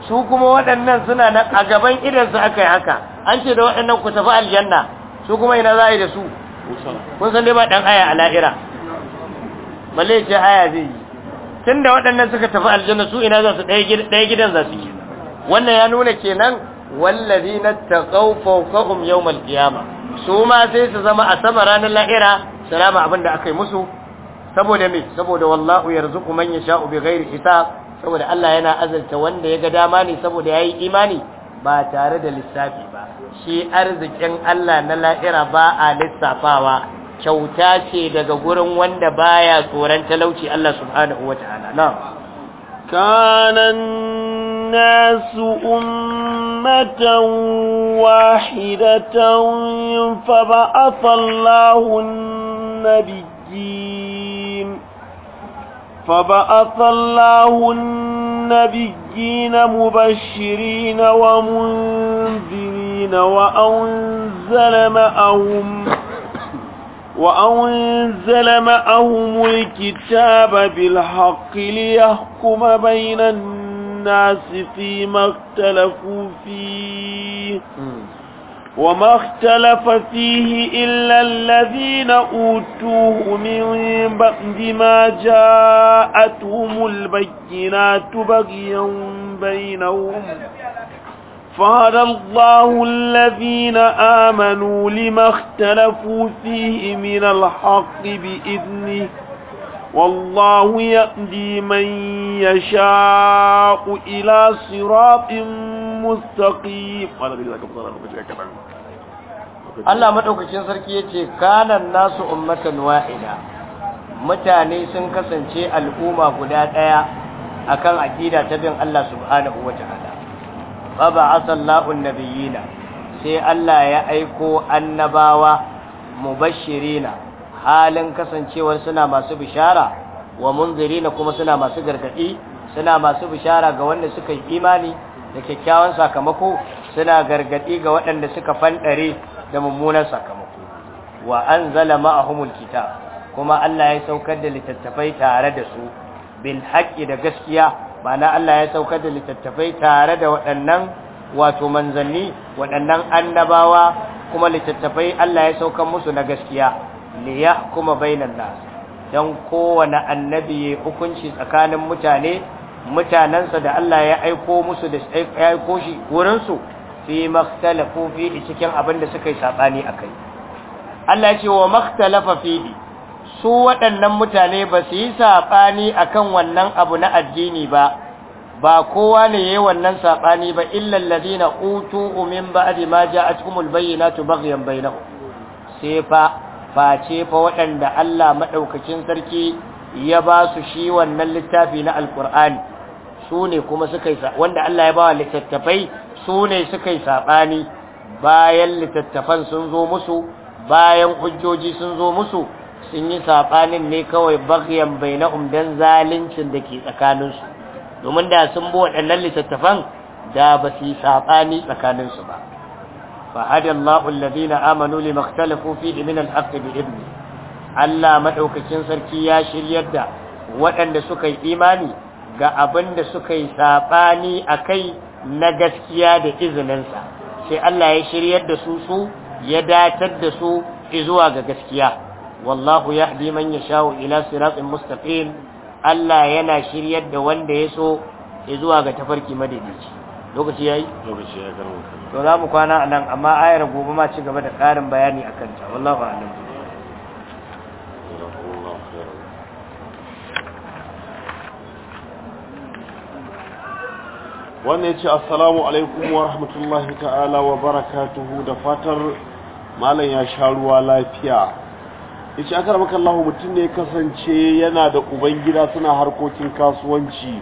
Speaker 1: su kuma waɗannan suna na a gaban idan su aka yi haka an ce da waɗannan ku tafi aljanna su kuma ina za a yi da su kun san dai ba dan aya a la'ira balle ce aya zai yi Tun da waɗannan suka tafi aljanna su ina za su ɗaya gidan za su ke wannan ya nuna kenan wallazi na taƙau fauƙa'um yau malƙiyama su ma sai su zama a sama ranar la'ira salama abin da aka yi musu saboda me saboda wallahu yarzuqu man yasha'u bighairi hisab saboda Allah yana azalta wanda ya ga dama ne saboda yayi imani ba tare da lissafi ba shi arzikin Allah na la'ira ba a lissafawa kyauta ce daga gurin wanda baya tsoron talauci Allah subhanahu wataala na kanan
Speaker 2: nasu ummatan wahidatan fa ba'atha Allahu nabiyyin fa ba'atha nabiyyin mubashirin wa munzirin wa anzala ma'ahum وأنزل معهم الكتاب بالحق ليحكم بين الناس فيما اختلفوا فيه وما اختلف فيه إلا الذين أوتوه من بعد ما جاءتهم البينات بغيا بينهم فهدى الله الذين آمنوا لما اختلفوا فيه من الحق بإذنه والله يأدي من يشاء إلى صراط مستقيم Allah madaukakin
Speaker 1: sarki yace kanan nasu ummatan wahida mutane sun kasance al'umma guda daya akan aqida ta bin Allah subhanahu wataala fa ba'atha nabiyina sai Allah ya aiko annabawa mubashirina halin kasancewar suna masu bishara wa munzirina kuma suna masu gargadi suna masu bishara ga wanda suka yi imani da kyakkyawan sakamako suna gargadi ga waɗanda suka fanɗare da mummunan sakamako wa anzala ma'ahumul kitab kuma Allah ya saukar da littattafai tare da su bil haqqi da gaskiya ma'ana Allah ya saukar da littattafai tare da waɗannan wato manzanni waɗannan annabawa kuma littattafai Allah ya saukar musu na gaskiya ya kuma bainan nas don kowane annabi ya hukunci tsakanin mutane mutanensa da Allah ya aiko musu da ya aiko shi wurinsu, su fi makhtalafu fi cikin abin da suka yi saɓani a kai. Allah ya ce wa makhtalafa fihi su waɗannan mutane ba su yi saɓani akan wannan abu na addini ba ba kowa ne yayi wannan saɓani ba illal ladina utu min ba'di ma ja'atkumul bayyinatu baghyan bainahum sai fa face fa waɗanda Allah maɗaukacin sarki ya ba su shi wannan littafi na Alƙur'ani, su ne kuma suka yi wanda Allah ya ba wa littattafai su ne suka yi saɓani bayan littattafan sun zo musu bayan hujjoji sun zo musu sun yi saɓanin ne kawai baryan bai na umdan zalincin da ke tsakaninsu domin da sun bi waɗannan littattafan da ba su yi saɓani tsakaninsu ba fahadi Allahu na amanu lima ikhtalafu fihi min al-haqq bi idni Allah madaukakin sarki ya shiryar da waɗanda suka yi imani ga abin da suka yi saɓani kai na gaskiya da izininsa sai Allah ya shiryar da su su ya datar da su zuwa ga gaskiya wallahu يهدي من يشاء ila صراط مستقيم Allah yana shiryar da wanda ya so zuwa ga tafarki madaidaici lokaci yayi lokaci ya garo to za mu kwana anan amma ayar gobe ma ci gaba da karin bayani akan ta wallahu a'lam wannan
Speaker 2: ya ce assalamu alaikum wa rahmatullahi ta'ala wa barakatuhu da fatar malam ya sha ruwa lafiya yace aka maka Allah mutum ne kasance yana da ubangida suna harkokin kasuwanci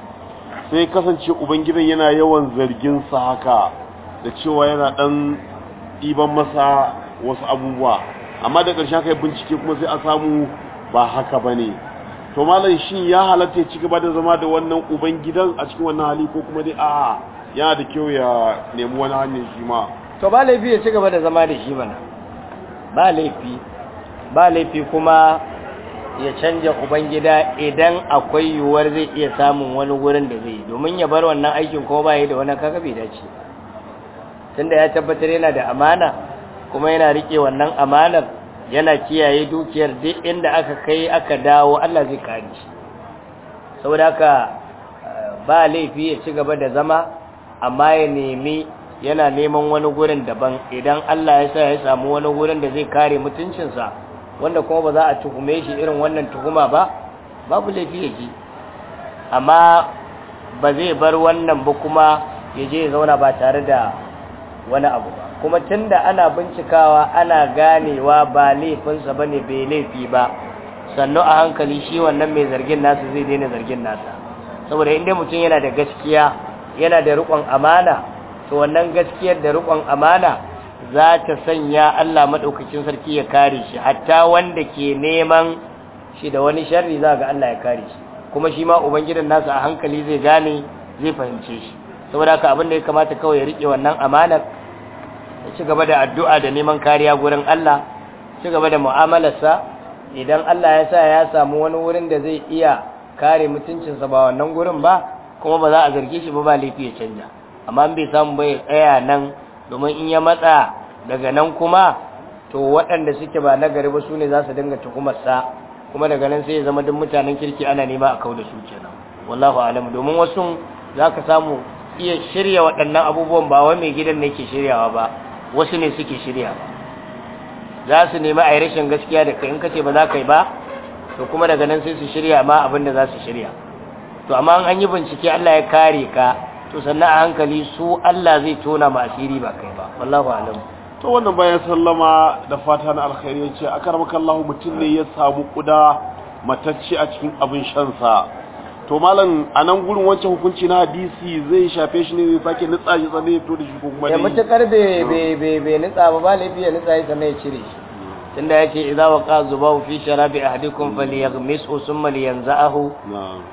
Speaker 2: sai kasance ubangidan yana yawan zargin sa haka da cewa yana dan ɗiban masa wasu abubuwa amma da ƙarshen kai bincike kuma sai a samu ba haka ba ne, to malam shin ya halatta ya ci gaba da zama da wannan ubangidan a cikin wannan hali ko kuma dai a'a
Speaker 1: yana da kyau ya nemi wani hanyar shi ma to ba laifi ya ci gaba da zama da shi mana ba laifi ba laifi kuma ya canja ubangida idan akwai yiwuwar zai iya samun wani wurin da zai domin ya bar wannan aikin kuma ba yi da wani kaka bai dace tunda ya tabbatar yana da amana kuma yana rike wannan amanar yana kiyaye dukiyar duk inda aka kai aka dawo Allah zai kare shi saboda haka eh, ba laifi ya ci gaba da zama amma ya nemi yana neman wani gurin daban idan Allah ya sa ya samu wani gurin da zai kare mutuncinsa wanda kuma ba za a tuhume shi irin wannan tuhuma ba babu laifi ya ji amma ba zai bar wannan ba kuma ya je ya zauna ba tare da wani abu ba kuma da ana bincikawa ana ganewa ba laifinsa ba ne bai laifi ba sannu a hankali shi wannan mai zargin nasa zai daina zargin nasa saboda inda mutum yana da gaskiya yana da riƙon amana to wannan gaskiyar da riƙon amana za ta sanya Allah maɗaukacin sarki ya kare shi hatta wanda ke neman shi da wani sharri za ga Allah ya kare shi kuma shi ma ubangidan nasa a hankali zai gane zai fahimce shi saboda haka abin da ya kamata kawai ya riƙe wannan amanar ya ci gaba da addu'a da neman kariya gurin Allah ci gaba da mu'amalarsa idan Allah ya sa ya samu wani wurin da zai iya kare mutuncinsa ba wannan gurin ba kuma ba za a zarge shi ba ba laifi ya canja amma bai samu bai tsaya nan domin in ya matsa daga nan kuma to waɗanda suke ba na gari ba su ne za su dinga tuhumarsa kuma daga nan sai ya zama duk mutanen kirki ana nema a kauda su kenan wallahu alam domin wasu za ka samu iya shirya waɗannan abubuwan ba wai mai gidan ne ke shiryawa ba wasu ne suke shirya. za su nemi a yi rashin gaskiya da kai in ka ce ba za ka yi ba to kuma daga nan sai su shirya ma abin da za su shirya to amma an yi bincike Allah ya kare ka to sannan a hankali su Allah zai tona ma asiri ba kai ba wallahu alam to wannan
Speaker 2: bayan sallama da fata na alkhairi yace Allah mutum ne ya samu kuda matacce a cikin abin shan sa to malam a nan gurin wancan hukunci na hadisi zai shafe shi ne zai
Speaker 1: sake nitsa shi sannan ya fito da shi ko kuma da be be nitsa ba ba laifi ya nitsa shi sannan ya cire shi tunda yake idza waqa zubahu fi sharabi ahadikum mm. falyaghmisu thumma liyanza'ahu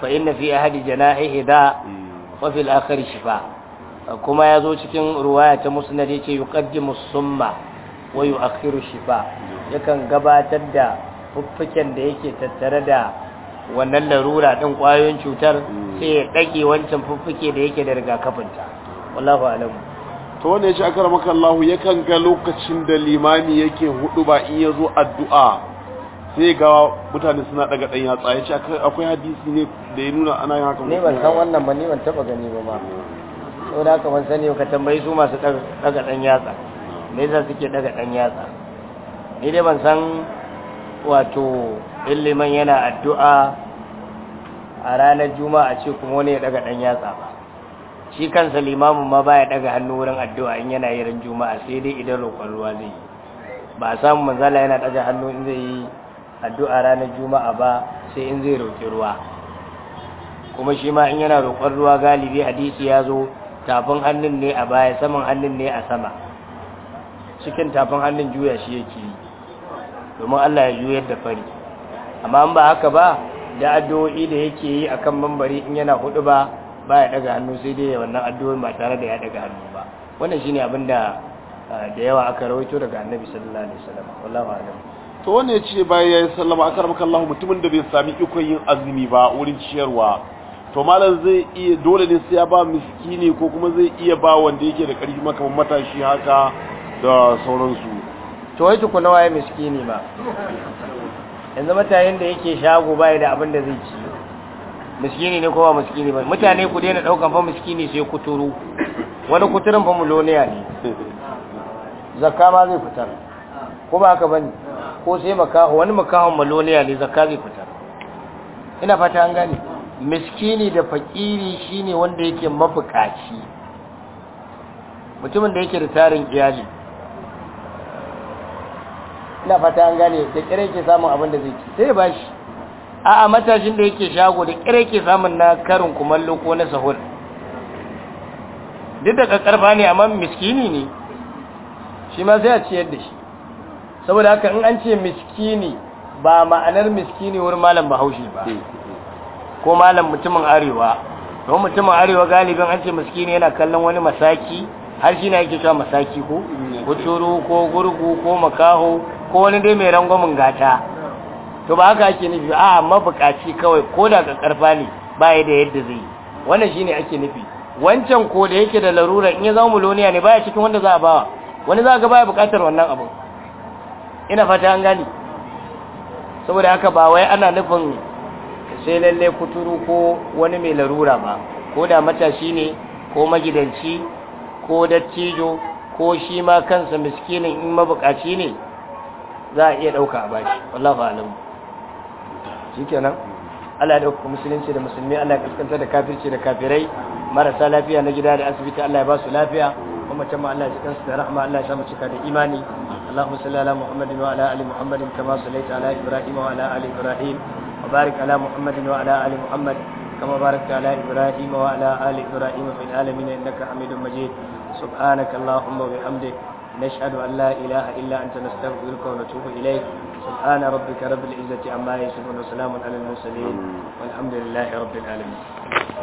Speaker 1: fa inna fi ahadi janahihi da mm. wa fil akhir shifa kuma ya zo cikin ruwaya ta musnad yace yuqaddimu summa wa yu'akhiru shifa yakan gabatar da fuffuken da yake tattare da wannan larura din kwayoyin cutar sai ya dake wancan fuffuke da yake da rigakafinta wallahu a'lam
Speaker 2: to wanda ya yace akramaka Allah yakan ga lokacin da limami yake hudu ba in yazo addu'a sai ga mutane suna daga dan yatsa ya ce akwai
Speaker 1: hadisi ne da ya nuna ana yin haka ne ban san wannan ba ne ban taba gani ba ma so da ka ban sani ka tambayi su masu daga dan yatsa me yasa suke daga dan yatsa ni dai ban san wato illiman yana addu'a a ranar juma'a ce kuma wani ya daga dan yatsa ba shi kansa limamin ma baya daga hannu wurin addu'a in yana yin juma'a sai dai idan roƙon ruwa zai yi ba a samu manzala yana daga hannu in zai yi addu'a ranar juma'a ba sai in zai roƙi ruwa kuma shi ma in yana roƙon ruwa galibi hadisi ya zo tafin hannun ne a baya saman hannun ne a sama cikin tafin hannun juya shi yake yi domin Allah ya juyar da fari amma in ba haka ba da addu'o'i da yake yi akan mambari in yana hudu ba ba ya daga hannu sai dai wannan addu'o'i ba tare da ya daga hannu ba wannan shine abinda da da yawa aka rawaito daga annabi sallallahu alaihi
Speaker 3: wasallam wallahu a'lam
Speaker 2: to wanda ya ce bayan ya yi sallama aka ramaka Allah mutumin da bai sami ikon yin azumi ba wurin ciyarwa to malam zai iya dole ne sai ya ba miskini ko kuma zai
Speaker 1: iya ba wanda yake da ƙarfi maka matashi haka da sauransu to wai tukuna waye miskini ba yanzu mutanen da yake shago bai da abin da zai ci miskini ne ko ba miskini ba mutane ku daina daukan fa miskini sai kuturu wani kuturin fa muloniya ne zakka ma zai fitar ko ba haka bane ko sai makaho wani makahon maloliya ne zakka zai fitar ina fata an gane miskini da fakiri shine wanda yake mafukaci mutumin da yake da tarin iyali ina fata an gane da kire yake samun abin da zai ci sai ya bashi a'a matashin da yake shago da kire yake samun na karin kumallo ko na sahur duk da kakkarfa ne amma miskini ne shi ma sai a ciyar da shi saboda haka in an ce miskini ba ma'anar miskini wurin malam bahaushe ba eh, eh, eh. ko malam mutumin arewa don mutumin arewa galibin an ce miskini yana kallon wani masaki har shi na yake cewa masaki ko mm, kuturu ko gurgu ko makaho ko wani dai mai rangwamin gata to ba haka ake nufi a mabukaci kawai ko da ga karfa ne ya da yadda zai yi wannan shine ake nufi wancan ko da yake da larura in ya zama muloniya ne baya cikin wanda za a bawa wani za ga baya bukatar wannan abu ina fata an gani saboda haka ba wai ana nufin sai lalle kuturu ko wani mai larura ba ko da matashi ne ko magidanci ko dattijo ko shi ma kansa miskinin in mabukaci ne za a iya ɗauka a bashi wallahu alam shikenan Allah ya dauka musulunci da musulmi Allah ya kaskanta da kafirci da kafirai marasa lafiya na gida da asibiti Allah ya ba su lafiya kuma ma Allah ya cikansu da rahama Allah ya mu cika da imani اللهم صل على محمد وعلى ال محمد كما صليت على ابراهيم وعلى ال ابراهيم وبارك على محمد وعلى ال محمد كما باركت على ابراهيم وعلى ال ابراهيم في العالمين انك حميد مجيد سبحانك اللهم وبحمدك نشهد أن لا إله إلا أنت نستغفرك ونتوب إليك سبحان ربك رب العزة عما يصفون وسلام على المرسلين
Speaker 3: والحمد لله رب العالمين